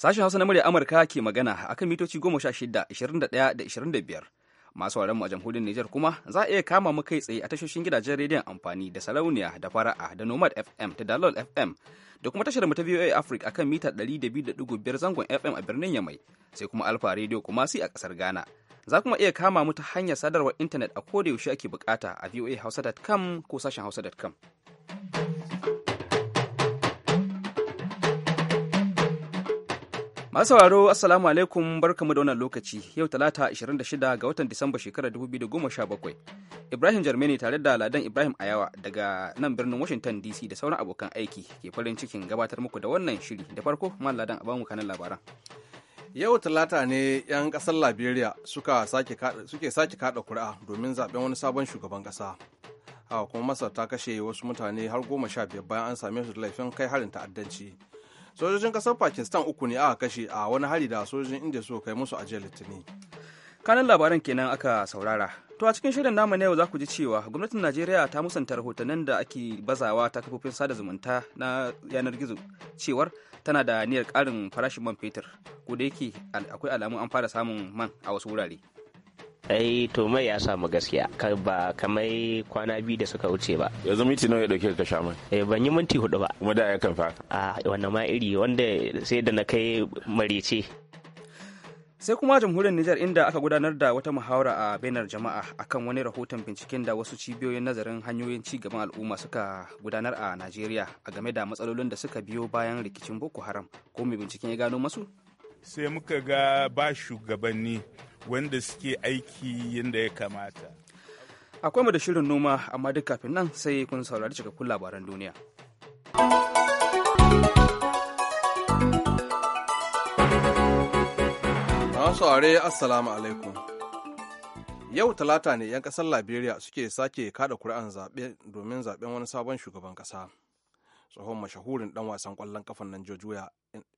Sashen Hausa na murya Amurka ke magana a kan mitoci sha 16, 21 da biyar Masu mu a jamhuriyar Nijar kuma za a iya kama mu kai tsaye a tashoshin gidajen rediyon amfani da sarauniya da fara'a da Nomad FM da Dalol FM da kuma tashar mu ta VOA Africa a kan mita ɗari da biyu 200.5 zangon FM a birnin Yamai sai kuma Alfa Radio kuma si a kasar Ghana. Za kuma iya kama mu ta hanyar sadarwar intanet a koda yaushe ake bukata a voahausa.com ko sashen hausa.com. Masu sauraro Assalamu alaikum barkamu da wannan lokaci yau talata 26 ga watan Disamba shekarar 2017. Ibrahim Jarmeni tare da Ladan Ibrahim Ayawa daga nan birnin Washington DC da sauran abokan aiki ke farin cikin gabatar muku da wannan shiri da farko mal Ladan a bamu kanan labaran. Yau talata ne 'yan kasar Liberia suka sake suke sake kada kuri'a domin zaben wani sabon shugaban kasa. Hawa kuma Masar ta kashe wasu mutane har goma sha biyar bayan an same su da laifin kai harin ta'addanci. sojojin kasar pakistan uku ne aka kashe a wani hari da sojojin india suka kai musu ajiyar litini. litinin kanan labaran kenan aka saurara to a cikin shirin namu na yau za ku ji cewa gwamnatin najeriya ta musanta rahotannin da ake bazawa ta kafofin sada zumunta na yanar gizo cewar tana da niyyar karin farashin man fetur ko da yake akwai alamun an fara samun man a wasu wurare ai to mai ya samu gaskiya ba kamar kwana biyu da suka wuce ba yanzu minti nawa ya dauke ka sha mai eh ban yi minti hudu ba kuma da ya kan fa a ah, wannan ma iri wanda sai da na kai marice sai kuma jamhuriyar Nijar inda aka gudanar da wata muhawara a bainar jama'a akan wani rahoton binciken da wasu cibiyoyin nazarin hanyoyin ci gaban al'umma suka gudanar a Najeriya a game da matsalolin da suka biyo bayan rikicin Boko Haram ko mai binciken ya gano masu sai muka ga ba shugabanni wanda suke aiki yadda ya kamata. Akwai mu da shirin noma amma duk kafin nan sai kun saurari cikakkun labaran duniya. Masu are Assalamu alaikum. Yau talata ne 'yan ƙasar Liberia suke sake kada kuri'an zaɓe domin zaɓen wani sabon shugaban ƙasa. tsohon mashahurin dan wasan kwallon kafan nan George Weah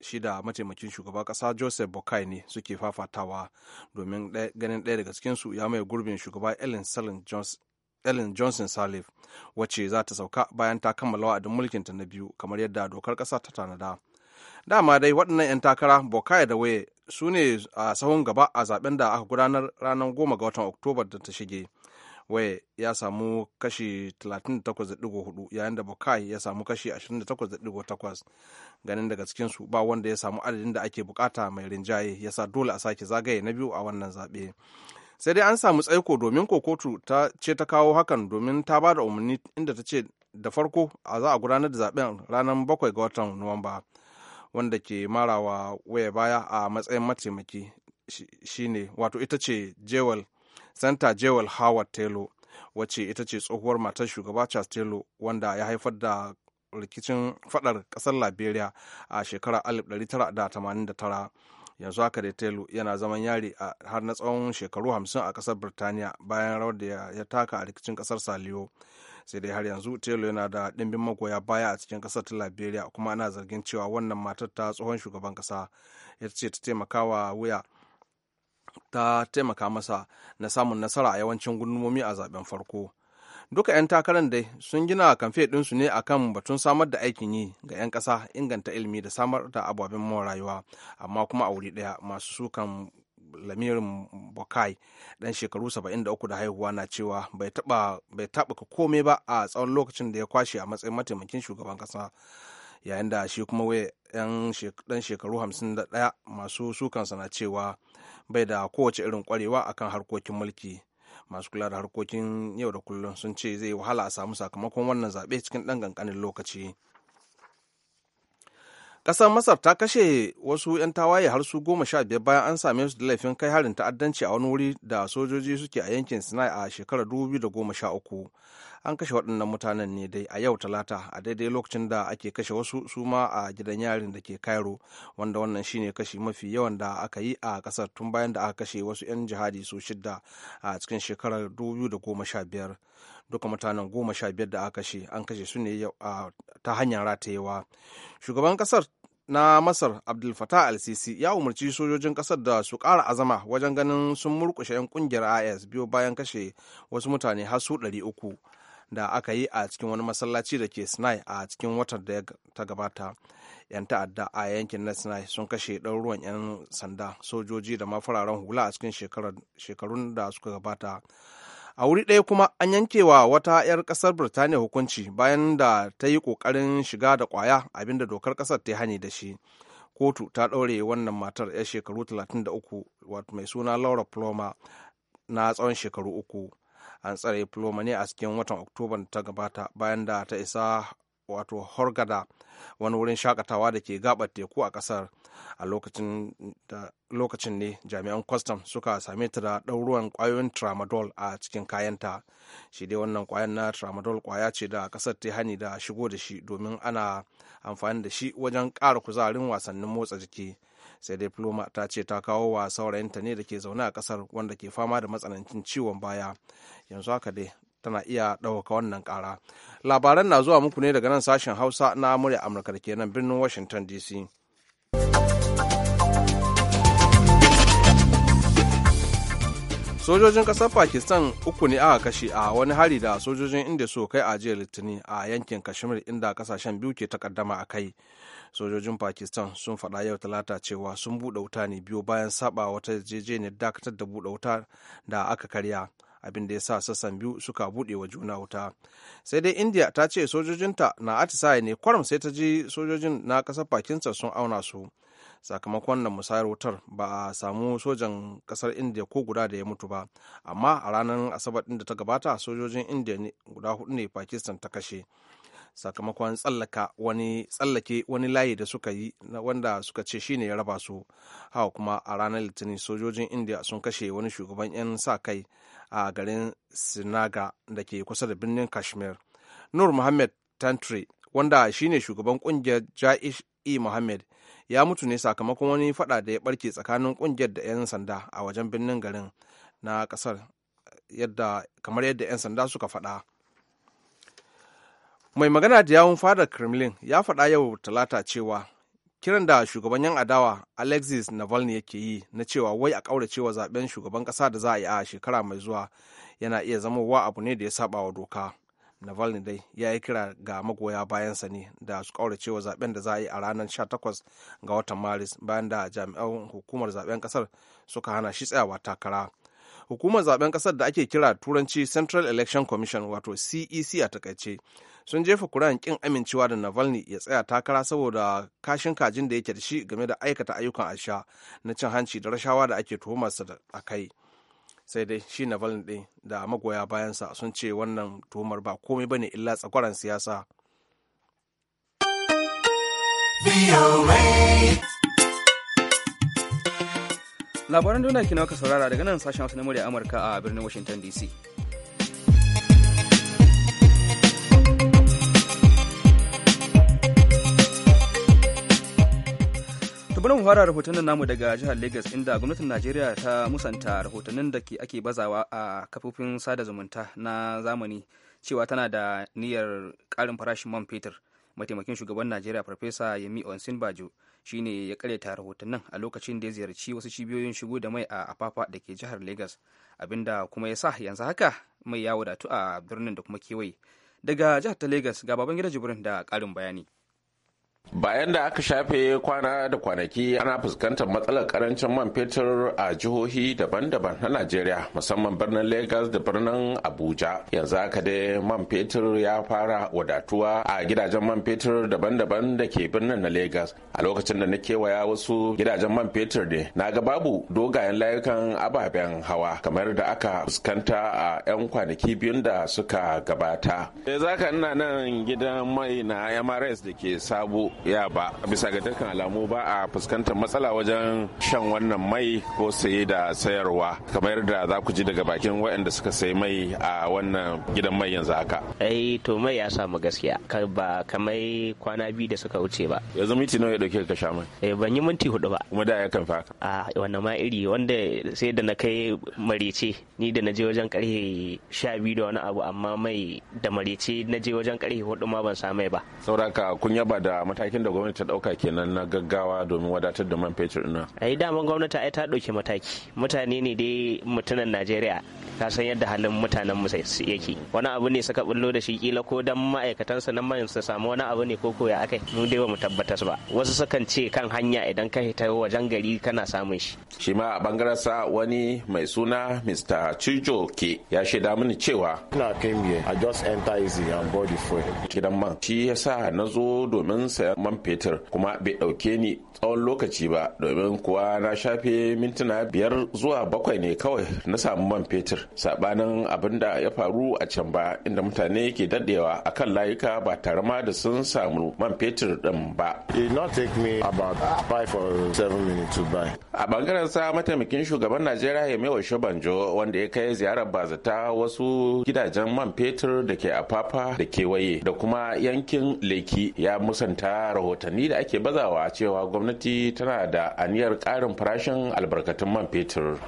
shida mataimakin shugaba kasa Joseph Bokai ne suke fafatawa domin ganin ɗaya daga cikin su ya mai gurbin shugaba Ellen Salin Johnson Ellen Johnson Sirleaf wacce za ta sauka bayan ta kammala wa'adin ta na biyu kamar yadda dokar kasa ta tanada. Dama dai waɗannan 'yan takara Bokai da Waye su ne a sahun gaba a zaben da aka gudanar ranar goma ga watan Oktoba da ta shige. waye ya samu kashi 38.4 yayin da bukai ya samu kashi 28.8 ganin daga cikinsu ba wanda ya samu adadin da ake bukata mai rinjaye ya sa dole a sake zagaye na biyu a wannan zaɓe sai dai an samu tsaiko domin kokotu ta ce ta kawo hakan domin ta ba da umarni inda ta ce da farko a za a gudanar da zaben ranar 7 ga watan nuwamba wanda ke marawa waya baya a matsayin mataimaki shine wato ita ce jewel santa jewel howard taylor wacce ita ce tsohuwar matar shugaba charles taylor wanda ya haifar da rikicin fadar kasar liberia a shekarar 1989 yanzu haka da telu yana zaman yari har na tsawon shekaru 50 a kasar birtaniya bayan rawar da ya taka a rikicin kasar saliyo sai dai har yanzu telu yana da ɗimbin magoya baya a cikin kasar ta liberia kuma ana zargin cewa wannan matar ta tsohon shugaban kasa ya ce ta wa wuya ta taimaka masa na samun nasara a yawancin gudunmomi a zaben farko duka 'yan takarar dai sun gina kamfe ɗinsu ne akan batun samar da aikin yi ga 'yan ƙasa inganta ilimi da samar da ababen mawa rayuwa amma kuma a wuri ɗaya masu sukan lamirin bokai ɗan shekaru 73 da haihuwa na cewa bai taɓa komai ba a tsawon lokacin da ya kwashe a matsayin mataimakin shugaban ƙasa yayin da shi kuma yan dan shekaru 51 masu sukansa na cewa bai da kowace irin kwarewa akan harkokin mulki masu kula da harkokin yau da kullum sun ce zai wahala a samu sakamakon wannan zaɓe cikin ɗan ƙanƙanin lokaci ƙasar masar ta kashe wasu 'yan tawaye har su goma sha biyar bayan an same su da laifin kai harin ta'addanci a wani wuri da sojoji suke a yankin sinai a shekarar 2013 an kashe waɗannan mutanen ne dai a yau talata a daidai lokacin da ake kashe wasu su ma a gidan yarin da ke cairo wanda wannan shine kashi mafi yawan da aka yi a ƙasar tun bayan da aka kashe wasu 'yan jihadi su shidda a cikin shekarar 2015 duka mutanen goma sha biyar da aka kashe an kashe su ne ta hanyar ratayewa shugaban kasar na masar abdul fatah al-sisi ya umarci sojojin kasar da su kara azama wajen ganin sun murkushe 'yan kungiyar is biyo bayan kashe wasu mutane har su 300 da aka yi a cikin wani masallaci da ke sinai a cikin watan da ta gabata yan ta'adda a yankin na sinai sun kashe ɗan ruwan yan sanda sojoji da mafararen hula a cikin shekarun da suka gabata a wuri ɗaya kuma an yanke wa wata 'yar ƙasar birtaniya hukunci bayan da ta yi ƙoƙarin shiga da ƙwaya abinda dokar ƙasar ta hani da shi kotu ta ɗaure wannan matar 'yar shekaru 33 wato mai suna laura ploma na tsawon shekaru uku an tsare Ploma ne a cikin watan Oktoba da ta gabata bayan da ta isa wato Horgada wani wurin shakatawa da ke gabar teku a kasar a lokacin ne jami'an kwastam suka same ta da ɗauruwan ƙwayoyin tramadol a cikin kayanta shi dai wannan ƙwayan na tramadol ƙwaya ce da ƙasar ta hani da shigo da shi domin ana amfani da shi wajen ƙara kuzarin wasannin motsa jiki sai dai pluma ta ce ta kawo wa saurayinta ne da ke zaune a kasar wanda ke fama da matsanancin ciwon baya yanzu haka dai tana iya ɗauka wannan ƙara labaran na zuwa muku ne daga nan sashen hausa na murya amurka da ke nan birnin washington dc sojojin ƙasar pakistan uku ne aka kashe a wani hari da sojojin inda su kai a jiya litinin a yankin kashmir inda kasashen biyu ke takaddama a kai sojojin pakistan sun faɗa yau talata cewa sun buɗe wuta ne biyu bayan saba wata yarjejeniyar dakatar da buɗe wuta da aka karya abin da ya sa sassan biyu suka buɗe wa juna wuta sai dai india ta ce sojojinta na atisaye ne kwaram sai ta ji sojojin na ƙasar pakistan sun auna su sakamakon nan musayar wutar ba a samu sojan kasar india ko guda da ya mutu ba amma a ranar asabar din da ta gabata sojojin india guda hudu ne pakistan ta kashe sakamakon tsallaka wani tsallake wani layi da suka yi wanda suka ce shine ya raba su hawa kuma a ranar litinin sojojin india sun kashe wani shugaban 'yan sa kai a garin sinaga da ke kusa da birnin kashmir nur muhammad tantri wanda shine shugaban kungiyar ja'ish e muhammad ya mutu ne sakamakon wani fada da ya barke tsakanin kungiyar da 'yan sanda a wajen birnin garin na kasar yadda kamar yadda 'yan sanda suka faɗa mai magana da yawun fadar kremlin ya faɗa yau talata cewa kiran da shugaban yan adawa alexis navalny yake yi na cewa wai a ƙauracewa zaben shugaban ƙasa da za a yi a shekara mai zuwa yana iya zama wa abu ne da ya saba wa doka navalny dai ya yi kira ga magoya bayansa ne da su ƙauracewa zaben da za a yi a ranar 18 ga watan maris bayan da jami'an hukumar zaben ƙasar suka hana shi tsayawa takara hukumar zaben kasar da ake kira turanci central election commission wato cec e a takaice sun jefa kuran kin amincewa da navalny ya tsaya takara saboda kashin kajin da yake da shi game da aikata ayyukan asha na cin hanci da rashawa da ake tuhumarsa a kai sai dai shi navalny ɗin da magoya bayansa sun ce wannan tuhumar ba komai bane illa tsakwaran siyasa. labaran duniya na ka saurara daga nan sashen wasu na murya amurka a birnin washington dc bari fara rahotannin namu daga jihar Lagos inda gwamnatin Najeriya ta musanta rahotannin da ake bazawa a kafofin sada zumunta na zamani cewa tana da niyyar ƙarin farashin man fetur. mataimakin shugaban najeriya farfesa yemi onsin bajo shi ne ya karyata rahotannin a lokacin da ya ziyarci wasu cibiyoyin shigo da mai a afafa da ke jihar lagos abinda kuma ya sa yanzu haka mai ya wadatu a birnin da kuma kewaye daga jihar ta lagos ga baban gida jibrin da karin bayani bayan da aka shafe kwana da kwanaki ana fuskantar matsalar karancin man fetur a jihohi daban-daban na najeriya musamman birnin lagos da birnin abuja yanzu haka dai man fetur ya fara wadatuwa a gidajen man fetur daban-daban da ke birnin na lagos a lokacin da na kewaya wasu gidajen man fetur ne na ga babu dogayen layukan ababen hawa kamar da aka fuskanta a 'yan kwanaki biyun da suka gabata ina nan gidan mai na mrs da ke sabo ya ba bisa ga dukkan alamu ba a fuskantar matsala wajen shan wannan mai ko saye da sayarwa kamar da za ku ji daga bakin waɗanda suka sayi mai a wannan gidan mai yanzu haka ai eh, to mai ya samu gaskiya ba kamar kwana biyu da suka wuce ba yanzu minti nawa ya dauke ka sha mai eh ban yi minti hudu ba kuma da ya kan fa a ah, wannan ma iri wanda sai da na kai marece ni da na je wajen karfe sha biyu da wani abu amma mai da marece na je wajen karfe hudu ma ban sa mai ba sauraka kun yaba da mutane. matakin da gwamnati ta dauka kenan na gaggawa domin wadatar da man fetur na yi daman gwamnati ai ta dauki mataki mutane ne dai mutunan najeriya ka san yadda halin mutanen mu yake wani abu ne suka bullo da shi kila ko dan ma'aikatansa na man su samu wani abu ne ko koya akai mu dai bamu tabbatas ba wasu sukan ce kan hanya idan ka hita wajen gari kana samun shi shi ma a bangaren sa wani mai suna Mr. Chijo ke ya shaida mini cewa ina came here i just enter easy and body fuel gidan man shi yasa na zo domin saya man fetur kuma bai ɗauke ni tsawon lokaci ba domin kuwa na shafe mintuna biyar zuwa bakwai ne kawai na samu man fetur sabanin abin da ya faru a can ba inda mutane ke dadewa akan layuka ba tare ma da sun samu man fetur din ba. A bangaren sa mataimakin shugaban Najeriya ya mewa shabanjo wanda ya kai ziyarar bazata wasu gidajen man fetur da ke fafa da kewaye da kuma yankin leki ya musanta rahotanni da ake bazawa cewa gwamnati tana da aniyar ƙarin farashin albarkatun man fetur.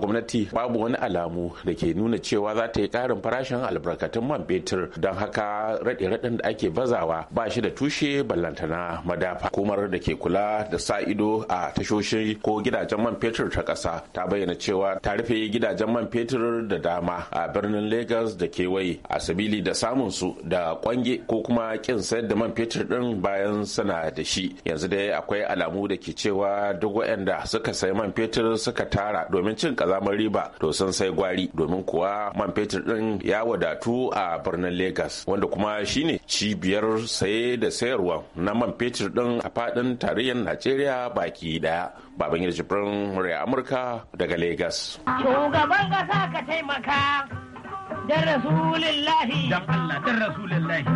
Gwamnati babu wani alamu da ke nuna cewa za ta yi ƙarin farashin albarkatun man fetur don haka raɗe-raɗen da ake bazawa ba shi da tushe ballantana madafa. Hukumar da ke kula da sa ido a tashoshin ko gidajen man fetur ta ƙasa ta bayyana cewa ta rufe gidajen man fetur da dama a birnin Legas da kewaye a sabili da samun su da kwange ko kuma kin sayar da man fetur din bayan sana da shi yanzu dai akwai alamu da ke cewa duk waɗanda suka sayi man fetur suka tara domin cin kazamar riba to sun sai gwari domin kuwa man fetur din ya wadatu a birnin Legas wanda kuma shine cibiyar saye da sayarwa na man fetur din a fadin tarayyar Najeriya baki daya baban yarjibin murya Amurka daga Legas. Shugaban ka taimaka dan rasulillahi dan Allah rasulillahi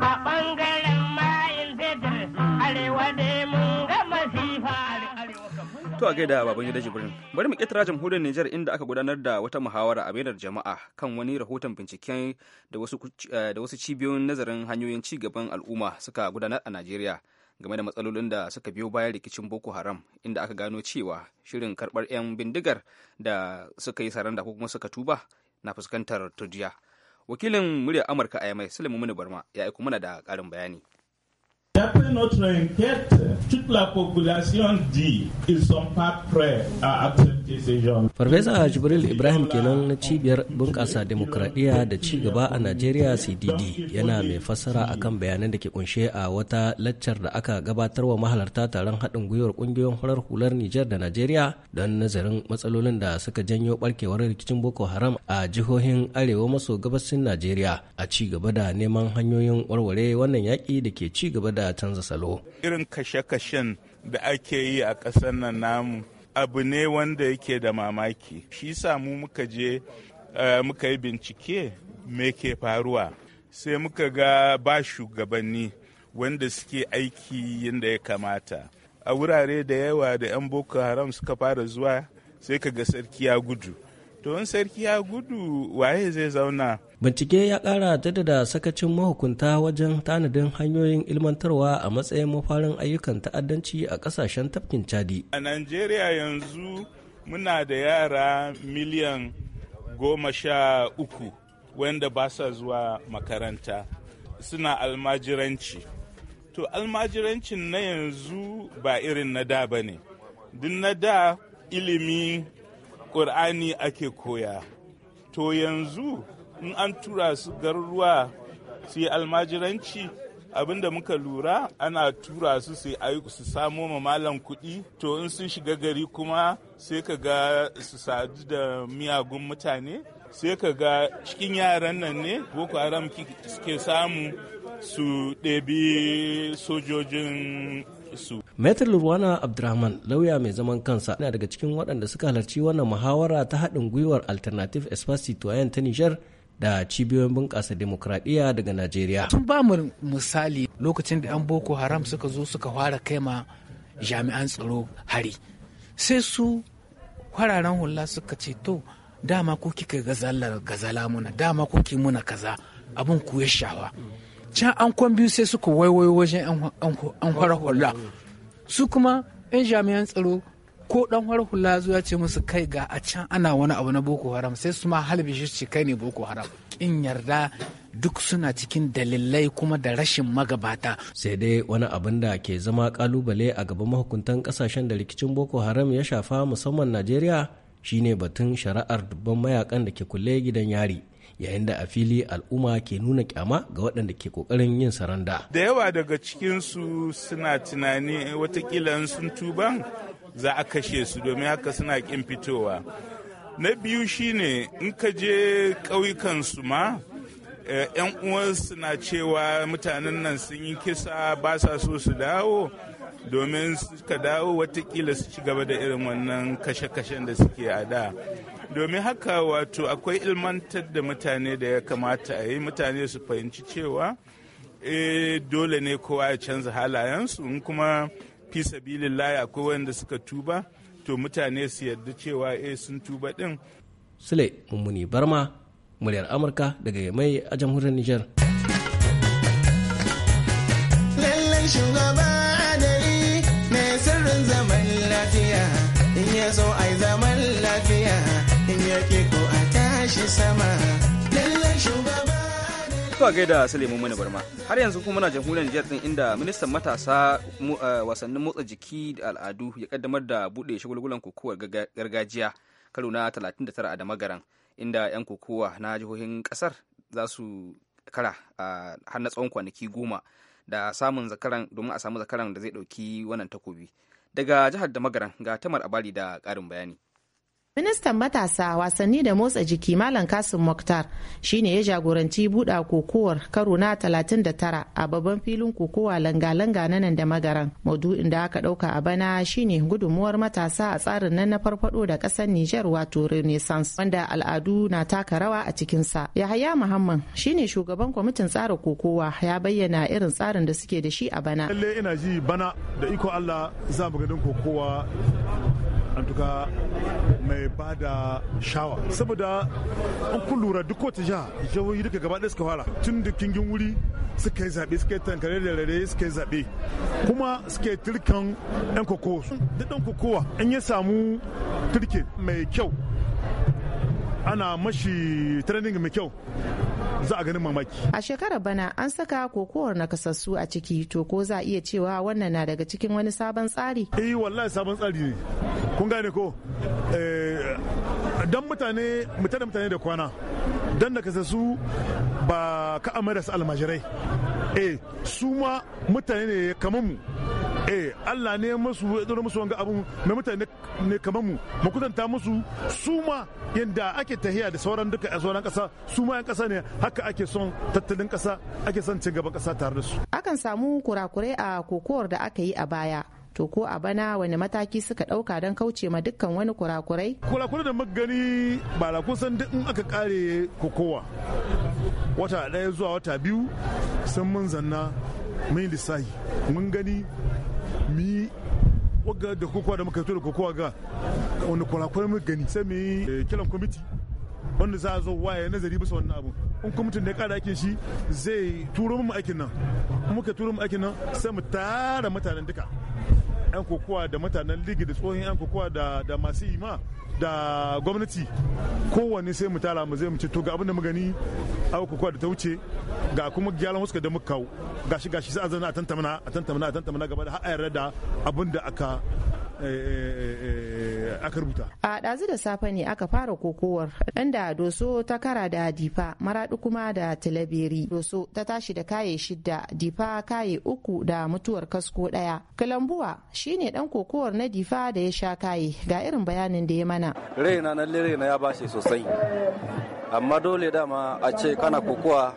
a bangaren mayin zedar arewa da mun ga masifa To a gaida baban gida Jibrin, bari mu ƙetara jamhuriyar Nijar inda aka gudanar da wata muhawara a bainar jama'a kan wani rahoton binciken eh, da wasu cibiyoyin nazarin hanyoyin ci gaban al'umma suka gudanar a Najeriya game da matsalolin da suka biyo bayan rikicin Boko Haram inda aka gano cewa shirin karbar 'yan bindigar da suka yi saranda ko kuma suka tuba na fuskantar turjiya wakilin muryar amurka a yamai sulaimu mini barma ya aiko mana da ƙarin bayani D'après notre enquête, toute la population dit qu'ils sont pas prêts uh, à Farfesa Jibril Ibrahim kenan na cibiyar bunƙasa demokradiyya da ci gaba a Najeriya CDD yana mai fassara akan bayanan da ke kunshe a wata laccar da aka gabatar wa mahalarta taron haɗin gwiwar ƙungiyoyin farar hular Nijar da Najeriya don nazarin matsalolin da suka janyo barkewar rikicin Boko Haram a jihohin arewa maso gabashin Najeriya a ci gaba da neman hanyoyin warware wannan yaƙi da ke ci gaba da canza salo. Irin kashe-kashen da ake yi a ƙasar nan namu abu ne wanda yake da mamaki shi samu muka je eh, muka yi bincike me ke faruwa sai muka ga ba shugabanni wanda suke aiki yadda ya kamata a wurare da yawa da 'yan boko haram suka fara zuwa sai ka ga sarki ya gudu in sarki ya gudu waye zai zauna bincike ya kara jaddada sakacin mahukunta wajen tanadin hanyoyin ilmantarwa a matsayin mafarin ayyukan ta'addanci a kasashen tafkin chadi a najeriya yanzu muna da yara miliyan goma sha uku wanda ba sa zuwa makaranta suna almajiranci to almajirancin na yanzu ba irin na da ba ne duk na da ilimi ƙur'ani ake koya to yanzu in an tura su garuruwa su yi almajiranci abinda muka lura ana tura su su samo ma malam kuɗi to in sun shiga gari kuma sai ka ga su sadu da miyagun mutane sai ka ga cikin yaran nan ne boko haram suke samu su ɗebi sojojin su. Metin Lurwana Abdurrahman lauya mai zaman kansa na daga cikin waɗanda suka halarci wannan muhawara ta haɗin gwiwar Alternative Espace Citoyen ta Nijar da cibiyoyin bunƙasa demokradiyya daga Najeriya. Tun ba mu misali lokacin da 'yan Boko Haram suka zo suka fara ma jami'an tsaro hari. Sai su fararen hula suka ce to dama ko kika gazala gazala muna dama ko ki muna kaza abun ku ya shawa. can an kwan biyu sai suka waiwayo wajen an fara hula su kuma 'yan jami'an tsaro ko dan har hula zuwa ce musu kai ga a can ana wani abu na boko haram sai su ma halbishi ce kai ne boko haram in yarda duk suna cikin dalilai kuma da rashin magabata sai dai wani abin da ke zama kalubale a gaban mahukuntan kasashen da rikicin boko haram ya shafa musamman najeriya shine batun shari'ar dubban mayakan da ke kulle gidan yari yayin da a fili al'umma ke nuna kyama ga waɗanda ke ƙoƙarin yin saranda da yawa daga cikinsu suna tunani watakila sun tuban za a kashe su domin haka suna ƙin fitowa na biyu shine in ka je su ma yan eh, uwansu na cewa mutanen nan sun yi kisa ba sa so su dawo domin suka dawo watakila su ci gaba da irin wannan kashe-kashen da suke a da domin haka wato akwai ilmantar da mutane da ya kamata a yi mutane su fahimci cewa e dole ne kowa ya canza halayensu in kuma fi sabilillahi akwai wanda suka tuba to mutane su yarda cewa e sun tuba din sule mummuni barma muryar amurka daga mai a jamhuriyar niger lallai shugaba adali mai sirrin zaman lafiya in ya so ai zama sama Zuwa gaida Suleiman Mani Barma. Har yanzu kuma muna jamhuriyar Nijar din inda ministan matasa eh, wasannin motsa jiki da al'adu ya kaddamar da buɗe shagulgulan kokowar gargajiya karo na 39 a Damagaran inda 'yan kokowa na jihohin kasar za su kara har na tsawon kwanaki goma da samun zakaran domin a samu zakaran da zai ɗauki wannan takobi. Daga jihar Damagaran ga Tamar Abali da ƙarin bayani. Ministan matasa wasanni da motsa jiki Malam Kasim Mokhtar shine ya jagoranci buɗa kokowar karo na 39 a babban filin kokowa langa-langa na nan da magaran. Maudu'in da aka ɗauka a bana shine gudunmuwar matasa a tsarin nan na farfado da ƙasar Nijar wato Renaissance wanda al'adu na taka rawa a cikinsa. Yahaya Muhammad shine shugaban kwamitin tsara kokowa ya bayyana irin tsarin da suke da shi a bana. Lallai ina ji bana da iko Allah za mu gadin kokowa an mai ba da shawa saboda an kun lura duk wata jiha jihohi duka gaba ɗaya suka fara tun da kingin wuri suka yi zaɓe suka yi tankare da rare suka yi zaɓe kuma suka yi turkan yan kokowa duk ɗan kokowa an ya samu turke mai kyau ana mashi training mai kyau za a ganin mamaki a shekarar bana an saka kokowar nakasassu a ciki to ko za a iya cewa wannan na daga cikin wani sabon tsari eh wallahi sabon tsari ne kun gane ko eh, dan mutane mutane mutane da kwana dan nakasassu ba ka amara su almajirai eh su ma mutane ne kamar mu eh Allah ne musu ya dora musu wanga abun na mutane ne kamar mu mu kusanta musu su ma yanda ake tahiya da sauran duka a sauran kasa su ma yan kasa ne haka ake son tattalin kasa ake son ci gaban kasa tare da su akan samu kurakurai a kokowar da aka yi a baya to ko a bana wani mataki suka dauka don kauce ma dukkan wani kurakurai kurakurai da magani ba la kusan duk in aka kare kokowa wata daya zuwa wata biyu sun mun zanna mun lissahi mun gani mi waga da kokowa da muka fito da kokowa ga wani kurakurai mu gani sai mu yi eh, kiran kwamiti wanda za a zo waye nazari bisa wannan abu in kwamitin da ya kara aikin shi zai turo mu aikin nan muka turo mu aikin nan sai mu tara mutanen duka 'yan kokowa da mutanen ligi da tsohon 'yan kokowa da masu ima da gwamnati kowanne sai mu tara mu zai mu ce to ga abin da mu gani abu kokowa da ta wuce ga kuma gyalan wasu da muka kawo gashi gashi sai a zana a tantamana a tantamana a tantamana gaba da har a yarda da abin da aka Eh, eh, eh, aka rubuta. A ɗazu da safe ne aka fara kokowar inda doso ta kara da difa maraɗi kuma da talaberi Doso ta tashi da kaye shidda difa kaye uku da mutuwar kasko ɗaya. Kalambuwa ne ɗan kokowar na difa da ya sha kaye ga irin bayanin da ya mana. Raina na na ya bashi sosai. Amma dole dama a ce kana kokowa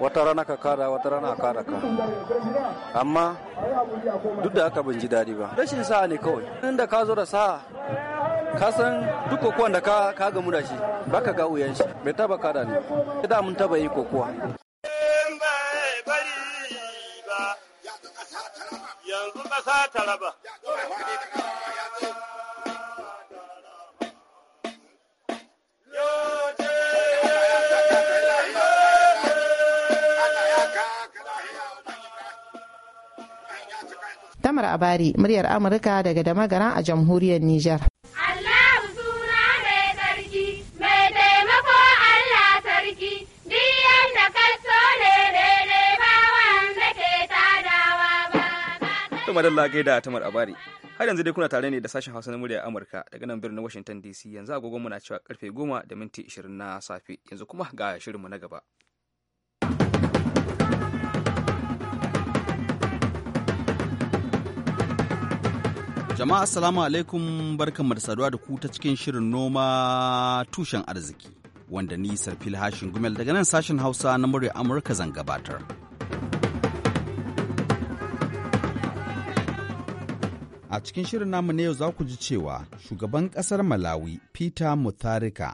wata rana ka kada wata rana ka kada ka amma duk da haka ban ji daɗi ba rashin sa'a ne kawai inda ka zo da sa'a ka san duk kokuwan da ka ka gamu da shi baka ga wuyan shi bai taba kada ne da mun taba yi kokuwa yanzu ƙasa ta raba Tamar Abari, muryar Amurka daga Damagaran a jamhuriyar Nijar. madalla gaida tamar abari har yanzu dai kuna tare ne da sashen hausa na murya amurka daga nan birnin washington dc yanzu agogon muna cewa karfe 10 da minti 20 na safe yanzu kuma ga shirinmu na gaba Jama'a assalamu alaikum barkanmu da saduwa da ku ta cikin shirin noma tushen arziki wanda ni Sarfil Hashin Gumel daga nan sashen Hausa na murya Amurka zan gabatar. A cikin shirin namu ne yau za ku ji cewa shugaban ƙasar Malawi Peter Mutharika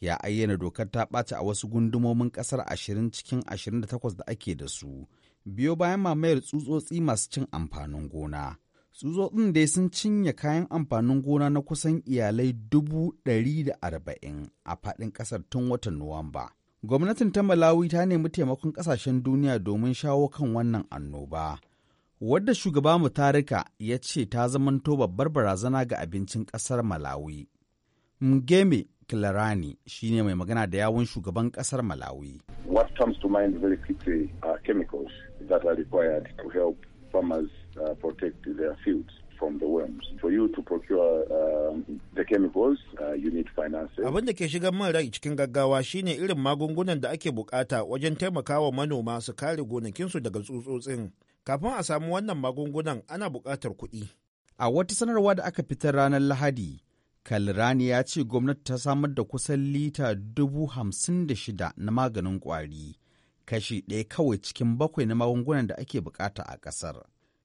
ya ayyana dokar ta ɓaci a wasu gundumomin ƙasar 20 cikin 28 da ake da su, biyo bayan mamayar tsutsotsi masu cin amfanin gona. tsutsotsin dai sun cinye kayan amfanin gona na kusan iyalai dubu ɗari da arba'in a faɗin ƙasar tun watan Nuwamba. Gwamnatin ta Malawi ta nemi taimakon ƙasashen duniya domin shawo kan wannan annoba. Wadda shugaba Mutarika ya ce ta zamanto babbar barazana ga abincin ƙasar Malawi. Mgeme Kilarani shi ne mai magana da yawon shugaban ƙasar Malawi. What comes to mind very quickly are uh, chemicals that are required to help farmers uh, protect their fields from the worms. For you to procure uh, the chemicals, uh, you need finances. Abin da ke shigar man rai cikin gaggawa shine irin magungunan da ake bukata wajen taimakawa manoma su kare gonakinsu daga tsutsotsin. Kafin a samu wannan magungunan ana bukatar kuɗi. A wata sanarwa da aka fitar ranar Lahadi, Kalrani ya ce gwamnati ta samar da kusan lita dubu hamsin da shida na maganin kwari, kashi ɗaya kawai cikin bakwai na magungunan da ake bukata a ƙasar.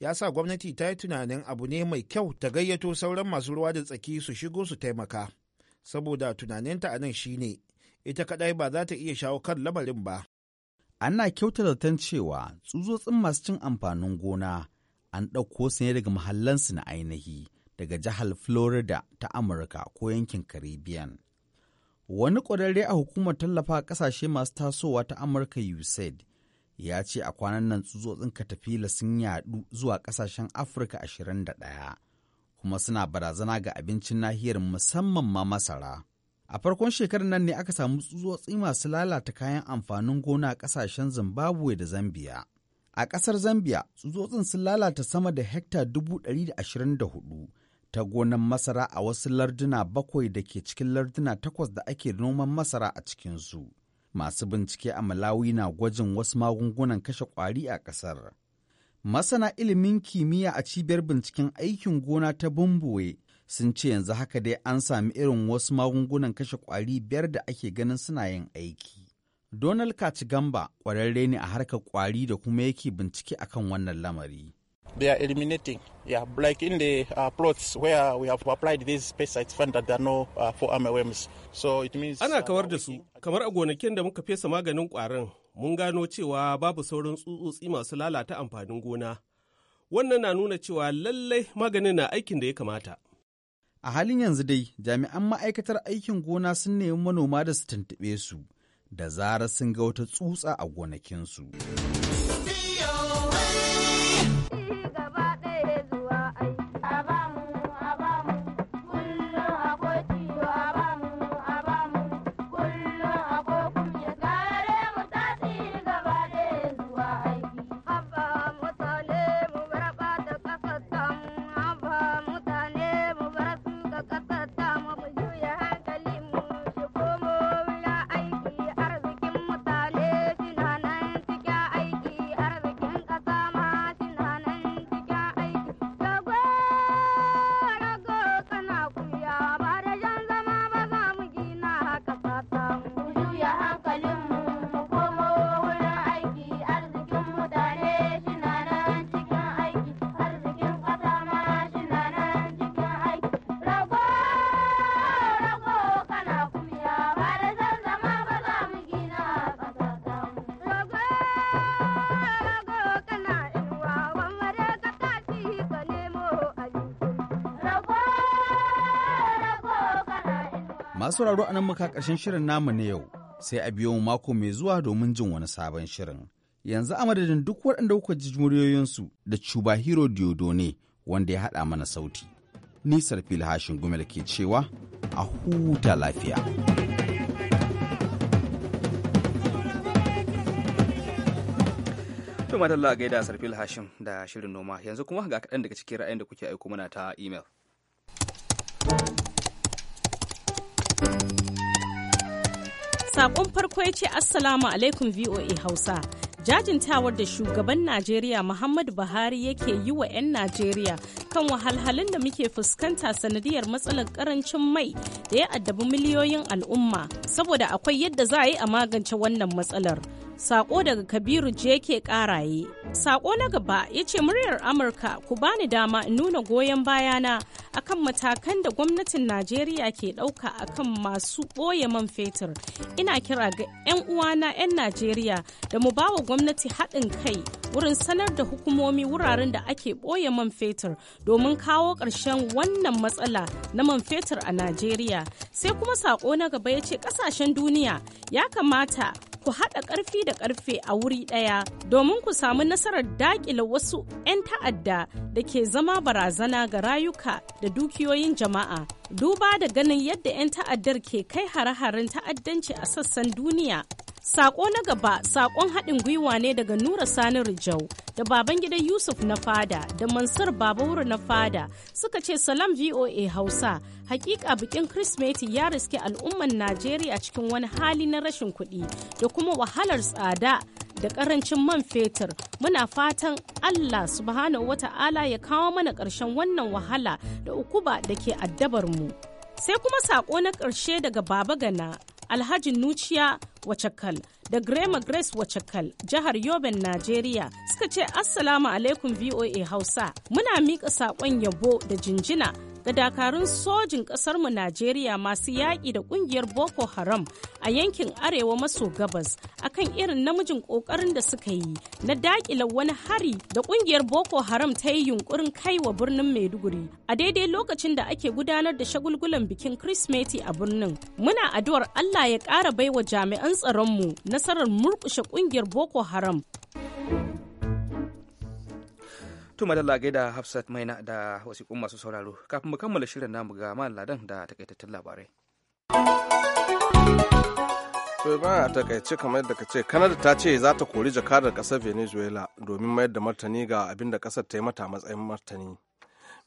ya sa gwamnati ta yi tunanin abu ne mai kyau ta gayyato sauran masu ruwa da tsaki su shigo su taimaka saboda tunaninta a nan shine ita kadai ba za ta iya shawo kan lamarin ba ana kyauta tan cewa tsutsotsin masu cin amfanin gona an ɗauko su ne daga mahallansu na ainihi daga jihar florida ta amurka ko yankin caribbean wani ƙwararre a hukumar tallafa ƙasashe masu tasowa ta amurka usaid ya ce a kwanan nan tsutsotsin katafila sun yaɗu zuwa ƙasashen afirka 21 kuma suna barazana ga abincin nahiyar musamman ma masara a farkon shekarar nan ne aka samu tsutsotsi masu lalata kayan amfanin gona a ƙasashen zimbabwe da zambia a ƙasar zambia tsutsotsin sun lalata sama da hekta 124 ta gonan masara a wasu larduna bakwai da ke cikin larduna takwas da ake noman masara a cikinsu masu bincike a Malawi na gwajin wasu magungunan kashe ƙwari a ƙasar. Masana ilimin kimiyya a cibiyar binciken aikin gona ta Bumbuwe sun ce yanzu haka dai an sami irin wasu magungunan kashe ƙwari biyar da ake ganin suna yin aiki. Donald Kachigamba ƙwararre ne a harkar ƙwari da kuma yake bincike akan wannan lamari. They are eliminating, yeah, like in the uh, plots where we have applied these pesticides found that there are no uh, for So it means... Ana uh, kawar da su, kamar a gonakin da muka fesa maganin ƙwarin, mun gano cewa babu sauran tsutsotsi masu lalata amfanin gona. Wannan na nuna cewa lallai maganin na aikin da ya kamata. A halin yanzu dai, jami'an ma'aikatar aikin gona sun nemi manoma da su tuntuɓe su, da zarar sun ga wata tsutsa a gonakinsu. Masu sauraro a nan muka ƙarshen shirin namu na yau, sai a biyo mu mako mai zuwa domin jin wani sabon shirin. Yanzu a madadin duk waɗanda kuka ji muryoyinsu da Cuba Hero ne wanda ya haɗa mana sauti. Ni Sarfil Hashin Gumel ke cewa a huta lafiya. To matalla gaida Sarfil Hashim da shirin noma yanzu kuma ga kaɗan daga cikin ra'ayin da kuke aiko mana ta imel. Sakon farko ya ce Assalamu alaikum VOA Hausa. Jajintawar da shugaban Najeriya Muhammadu Buhari yake yi wa 'yan Najeriya kan wahalhalun da muke fuskanta sanadiyar matsalar karancin mai da ya addabi miliyoyin al'umma saboda akwai yadda za a yi a magance wannan matsalar. Sako daga Kabiru ke Karaye. Sako na gaba ya ce muryar Amurka ku bani dama in nuna goyon bayana akan matakan da gwamnatin Najeriya ke ɗauka akan masu ɓoye man fetur. Ina kira ga 'yan uwana 'yan Najeriya da mu bawa gwamnati haɗin kai wurin sanar da hukumomi wuraren da ake ɓoye man fetur domin kawo ƙarshen wannan matsala na man fetur a Najeriya. Sai kuma saƙo na gaba ya ce ƙasashen duniya ya kamata ku haɗa ƙarfi da ƙarfe a wuri ɗaya domin ku samu nasarar daƙile wasu 'yan ta'adda da ke zama barazana ga rayuka da dukiyoyin jama'a. Duba da ganin yadda 'yan ta'addar ke kai hare-haren ta'addanci a sassan duniya Sako na gaba sakon haɗin gwiwa ne daga Nura Sani Rijau da baban Yusuf na fada da Mansur Babawuru na fada suka ce salam VOA Hausa hakika bikin Kirsimeti ya riske al'ummar Najeriya cikin wani hali na rashin kuɗi da kuma wahalar tsada da ƙarancin man fetur muna fatan Allah subhanahu wata'ala ya kawo mana ƙarshen wannan wahala da ukuba da ke addabar mu. Sai kuma saƙo na ƙarshe daga Baba Gana Alhaji Nuciya Wacakal da Grema Grace Wacakal jihar Yoben, Najeriya suka ce Assalamu alaikum VOA Hausa muna miƙa saƙon yabo da jinjina da dakarun sojin ƙasarmu Najeriya masu yaƙi da ƙungiyar Boko Haram a yankin Arewa maso gabas akan irin namijin ƙoƙarin da suka yi na daƙila wani hari da ƙungiyar Boko Haram ta yi yunƙurin kaiwa birnin Maiduguri a daidai lokacin da ake gudanar da shagulgulan bikin Kirsimeti a birnin. Muna addu'ar Allah ya ƙara baiwa jami'an tsaronmu nasarar murƙushe ƙungiyar Boko Haram. tuma da lagai da hafsat maina da wasiƙun masu sauraro kafin mu kammala shirin namu ga ladan da takaitattun labarai to ba a takaice kamar da ka ce kanada ta ce za ta kori jakadar kasar venezuela domin mayar da martani ga abin da kasar ta yi mata matsayin martani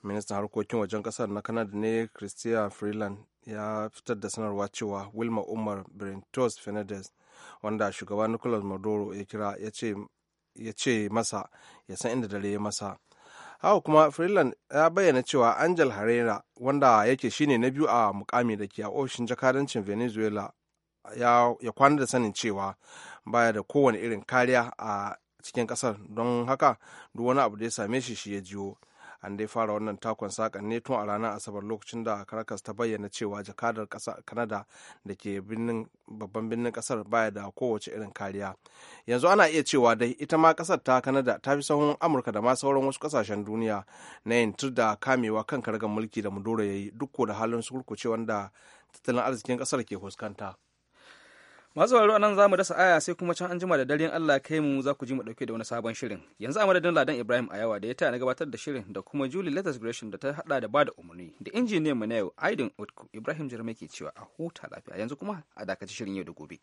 ministan harkokin wajen kasar na kanada ne christian freeland ya fitar da sanarwa cewa wilma umar brentos fernandez wanda shugaba nicolas maduro ya kira ya ce ya ce masa ya san inda dare ya masa haka kuma freeland ya bayyana cewa angel herrera wanda yake shine na biyu a mukami da ke a ofishin jakadancin venezuela ya, kwana da sanin cewa baya da kowane irin kariya a cikin kasar don haka duk wani abu da ya same shi shi ya jiwo. an dai fara wannan takon sakan ne tun a ranar asabar lokacin da karakas ta bayyana cewa jakadar kasa kanada da ke babban birnin kasar baya da kowace irin kariya yanzu ana iya cewa dai ita ma kasar ta kanada ta fi sahun amurka da ma sauran wasu kasashen duniya na yin tur da kamewa kan kargar mulki da mudura ya yi duk da halin surkuce wanda tattalin arzikin kasar ke fuskanta. masu wararo nan za mu dasa aya sai kuma can an jima da daren Allah kai mu za ku ji mu dauke da wani sabon shirin yanzu a madadin ladan Ibrahim Ayawa da ya taya na gabatar da shirin da kuma Julie Letters Gresham da ta hada da bada umarni da injiniyan mu na yau Aidin Utku Ibrahim Jarmai ke cewa a huta lafiya yanzu kuma a dakaci shirin yau da gobe